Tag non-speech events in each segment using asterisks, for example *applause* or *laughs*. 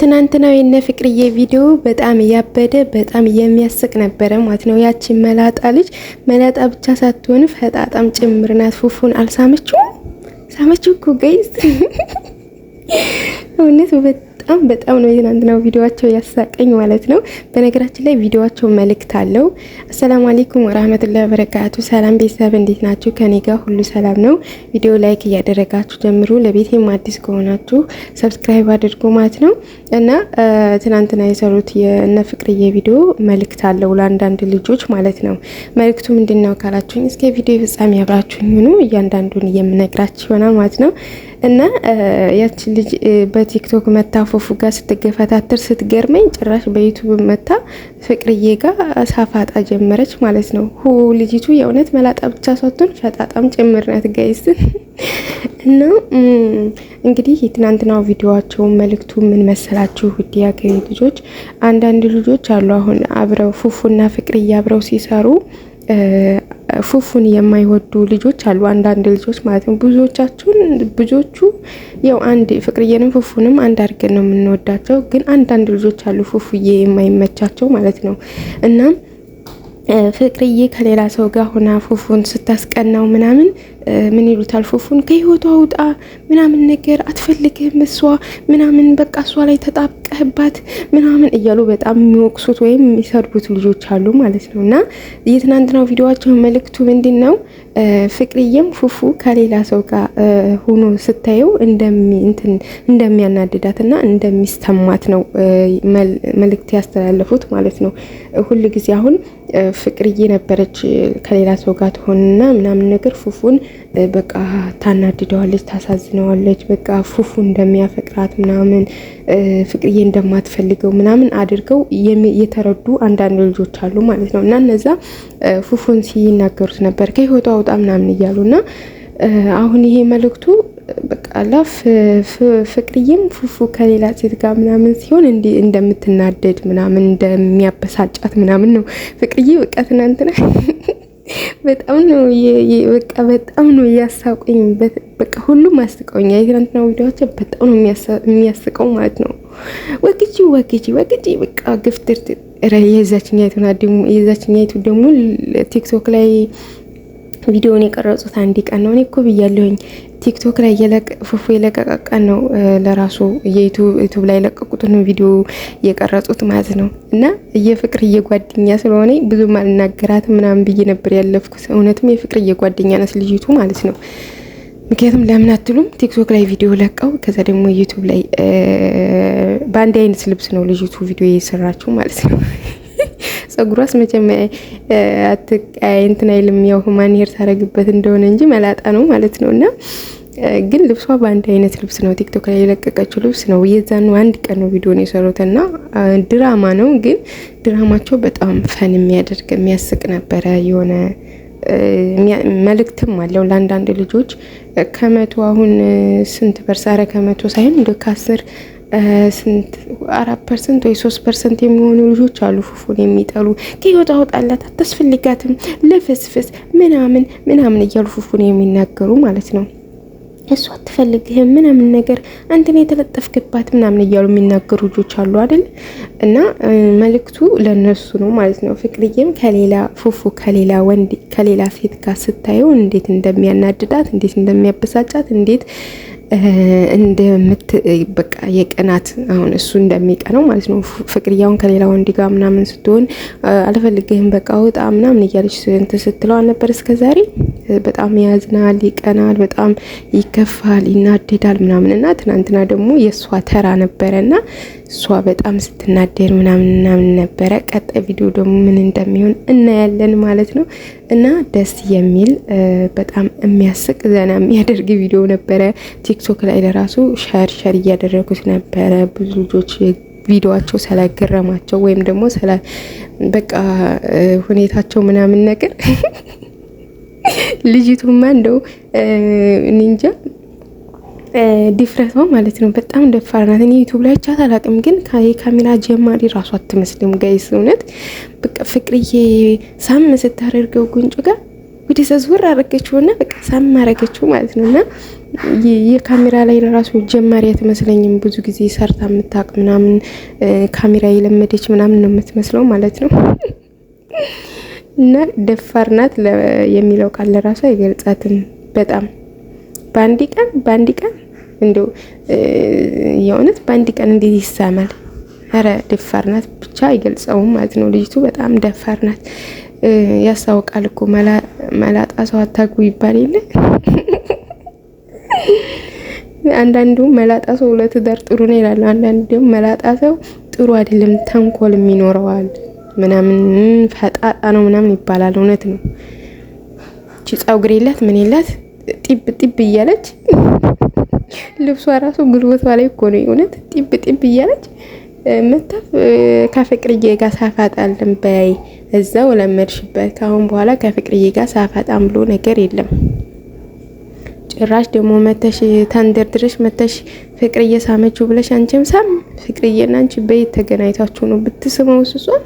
ትናንትናው የነ ፍቅርዬ ቪዲዮ በጣም እያበደ በጣም የሚያስቅ ነበረ ማለት ነው። ያችን መላጣ ልጅ መላጣ ብቻ ሳትሆን ፈጣጣም ጭምር ናት። ፉፉን አልሳመችውም? ሳመችው እኮ ገይዝ እውነት ውበት በጣም በጣም ነው ነው ቪዲዮቸው ያሳቀኝ ማለት ነው። በነገራችን ላይ ቪዲዮቸው መልእክት አለው። አሰላሙ አለይኩም ወራህመቱላሂ ወበረካቱ። ሰላም ቤተሰብ እንዴት ናችሁ? ከኔ ጋር ሁሉ ሰላም ነው። ቪዲዮ ላይክ እያደረጋችሁ ጀምሩ። ለቤቴም አዲስ ከሆናችሁ ሰብስክራይብ አድርጉ ማለት ነው እና ትናንትና የሰሩት የእነ ፍቅርዬ ቪዲዮ መልእክት አለው ለአንዳንድ ልጆች ማለት ነው። መልእክቱ ምንድነው ካላችሁኝ እስከ ቪዲዮ ፍጻሜ አብራችሁኝ ሁኑ። እያንዳንዱን የምነግራችሁ ይሆናል ማለት ነው። እና ያቺ ልጅ በቲክቶክ መታ ፉፉ ጋር ስትገፈታተር ስትገርመኝ፣ ጭራሽ በዩቱብ መታ ፍቅርዬ ጋር ሳፋጣ ጀመረች ማለት ነው። ሁ ልጅቱ የእውነት መላጣ ብቻ ሳትሆን ሸጣጣም ጭምር ናት ጋይስ። *laughs* እና እንግዲህ የትናንትናው ቪዲዮዋቸውን መልእክቱ ምን መሰላችሁ? ውድ ያገሬ ልጆች፣ አንዳንድ ልጆች አሉ አሁን አብረው ፉፉና ፍቅርዬ አብረው ሲሰሩ ፉፉን የማይወዱ ልጆች አሉ፣ አንዳንድ ልጆች ማለት ነው። ብዙዎቻችሁን ብዙዎቹ ያው አንድ ፍቅርዬንም ፉፉንም አንድ አድርገን ነው የምንወዳቸው። ግን አንዳንድ ልጆች አሉ ፉፉዬ የማይመቻቸው ማለት ነው እናም ፍቅርዬ ከሌላ ሰው ጋር ሆና ፉፉን ስታስቀናው ምናምን ምን ይሉታል፣ ፉፉን ከህይወቷ ውጣ ምናምን ነገር አትፈልግህም እሷ ምናምን በቃ እሷ ላይ ተጣብቀህባት ምናምን እያሉ በጣም የሚወቅሱት ወይም የሚሰድቡት ልጆች አሉ ማለት ነው። እና የትናንትናው ቪዲዮዋቸው መልእክቱ ምንድን ነው? ፍቅርዬም ፉፉ ከሌላ ሰው ጋር ሆኖ ስታየው እንደሚያናድዳት እና እንደሚስተማት ነው መልእክት ያስተላለፉት ማለት ነው። ሁል ጊዜ አሁን ፍቅርዬ ነበረች ከሌላ ሰው ጋር ትሆንና ምናምን ነገር ፉፉን በቃ ታናድደዋለች፣ ታሳዝነዋለች። በቃ ፉፉ እንደሚያፈቅራት ምናምን ፍቅርዬ እንደማትፈልገው ምናምን አድርገው የተረዱ አንዳንድ ልጆች አሉ ማለት ነው። እና እነዛ ፉፉን ሲናገሩት ነበር ከህይወቷ አውጣ ምናምን እያሉ እና አሁን ይሄ መልእክቱ በቃላ ፍቅርዬም ፉፉ ከሌላ ሴት ጋር ምናምን ሲሆን እንዲ እንደምትናደድ ምናምን እንደሚያበሳጫት ምናምን ነው። ፍቅርዬ በቃ ትናንትና *laughs* በጣም ነው በቃ በጣም ነው እያሳቁኝ። በቃ ሁሉም አስቀውኛ። የትናንትና ቪዲዮዎች በጣም ነው የሚያስቀው ማለት ነው። ወግጂ ወግጂ ወግጂ በቃ ግፍትር የዛችኛይቱ ደግሞ ቲክቶክ ላይ ቪዲዮውን የቀረጹት አንድ ቀን ነው። እኔ እኮ ብያለሁኝ ቲክቶክ ላይ ፉፉ የለቀቀ ቀን ነው ለራሱ የዩቱብ ላይ የለቀቁትን ቪዲዮ የቀረጹት ማለት ነው። እና የፍቅር እየጓደኛ ስለሆነ ብዙም አልናገራትም ምናምን ብዬ ነበር ያለፍኩት። እውነትም የፍቅር እየጓደኛ ናት ልጅቱ ማለት ነው። ምክንያቱም ለምን አትሉም? ቲክቶክ ላይ ቪዲዮ ለቀው ከዛ ደግሞ ዩቱብ ላይ በአንድ አይነት ልብስ ነው ልጅቱ ቪዲዮ የሰራችው ማለት ነው። ፀጉሯስ መቼም አትቀያይ እንትን አይልም። ያው ማን ሄር ታረግበት እንደሆነ እንጂ መላጣ ነው ማለት ነው። እና ግን ልብሷ በአንድ አይነት ልብስ ነው፣ ቲክቶክ ላይ የለቀቀችው ልብስ ነው። የዛኑ አንድ ቀን ነው ቪዲዮን የሰሩት እና ድራማ ነው። ግን ድራማቸው በጣም ፈን የሚያደርግ የሚያስቅ ነበረ የሆነ መልእክትም አለው ለአንዳንድ ልጆች ከመቶ አሁን ስንት በርሳረ ከመቶ ሳይሆን እንደ ከአስር ስንት አራት ፐርሰንት ወይ ሶስት ፐርሰንት የሚሆኑ ልጆች አሉ ፉፉን የሚጠሉ ከወጣ ወጣላት አታስፈልጋትም ለፍስፍስ ምናምን ምናምን እያሉ ፉፉን የሚናገሩ ማለት ነው። እሱ አትፈልግህም ምናምን ነገር አንተን የተለጠፍክባት ምናምን እያሉ የሚናገሩ ልጆች አሉ አይደል? እና መልእክቱ ለነሱ ነው ማለት ነው። ፍቅርዬም ከሌላ ፉፉ ከሌላ ወንድ ከሌላ ሴት ጋር ስታየው እንዴት እንደሚያናድዳት እንዴት እንደሚያበሳጫት እንዴት እንደምት በቃ የቀናት አሁን እሱ እንደሚቀነው ማለት ነው። ፍቅርያውን ከሌላ ወንድ ጋር ምናምን ስትሆን አልፈልግህም በቃ ውጣ ምናምን እያለች እንትን ስትለው አልነበር እስከዛሬ በጣም ያዝናል፣ ይቀናል፣ በጣም ይከፋል፣ ይናደዳል ምናምን እና ትናንትና ደግሞ የእሷ ተራ ነበረ እና እሷ በጣም ስትናደድ ምናምን ምናምን ነበረ። ቀጣይ ቪዲዮ ደግሞ ምን እንደሚሆን እናያለን ማለት ነው እና ደስ የሚል በጣም የሚያስቅ ዘና የሚያደርግ ቪዲዮ ነበረ። ቲክቶክ ላይ ለራሱ ሸር ሸር እያደረጉት ነበረ ብዙ ልጆች ቪዲዮቸው ስለገረማቸው ወይም ደግሞ በቃ ሁኔታቸው ምናምን ነገር *laughs* ልጅቱማ እንደው እኔ እንጃ ዲፍረቷ ማለት ነው። በጣም ደፋር ናት። እኔ ዩቱብ ላይ ቻት አላቅም፣ ግን የካሜራ ጀማሪ ራሱ አትመስልም። ጋይስ እውነት በቃ ፍቅርዬ ሳም ስታደርገው ጉንጩ ጋር ወደ ሰዝወር አረገችውና በቃ ሳም አረገችው ማለት ነው። እና የካሜራ ላይ ራሱ ጀማሪ አትመስለኝም። ብዙ ጊዜ ሰርታ የምታውቅ ምናምን ካሜራ የለመደች ምናምን ነው የምትመስለው ማለት ነው። እና ደፋር ናት የሚለው ቃል ለራሱ አይገልጻትም። በጣም በአንድ ቀን በአንድ ቀን እንደው የእውነት በአንድ ቀን እንዴት ይሳማል? ኧረ ደፋር ናት ብቻ አይገልጸውም ማለት ነው። ልጅቱ በጣም ደፋር ናት። ያስታውቃል እኮ መላጣ ሰው አታግቡ ይባል የለ አንዳንዱ መላጣ ሰው ለትዳር ጥሩ ነው ይላሉ። አንዳንዱ ደግሞ መላጣ ሰው ጥሩ አይደለም ተንኮልም ይኖረዋል። ምናምን ፈጣጣ ነው ምናምን ይባላል። እውነት ነው። እቺ ጸጉር የላት ምን የላት ጢብ ጢብ እያለች *laughs* ልብሷ ራሱ ጉልበቷ ላይ እኮ ነው የእውነት ጢብ ጢብ እያለች መታ ከፍቅርዬ ጋር ሳፋጣልን በይ እዛው ለመድሽበት። ከአሁን በኋላ ከፍቅርዬ ጋር ሳፋጣም ብሎ ነገር የለም። ጭራሽ ደግሞ መተሽ ተንደርድረሽ መተሽ ፍቅርዬ ሳመችው ብለሽ አንቺም ሳም ፍቅርዬና አንቺ በይ ተገናኝታችሁ ነው ብትስመው ስሷል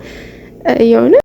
የሆነ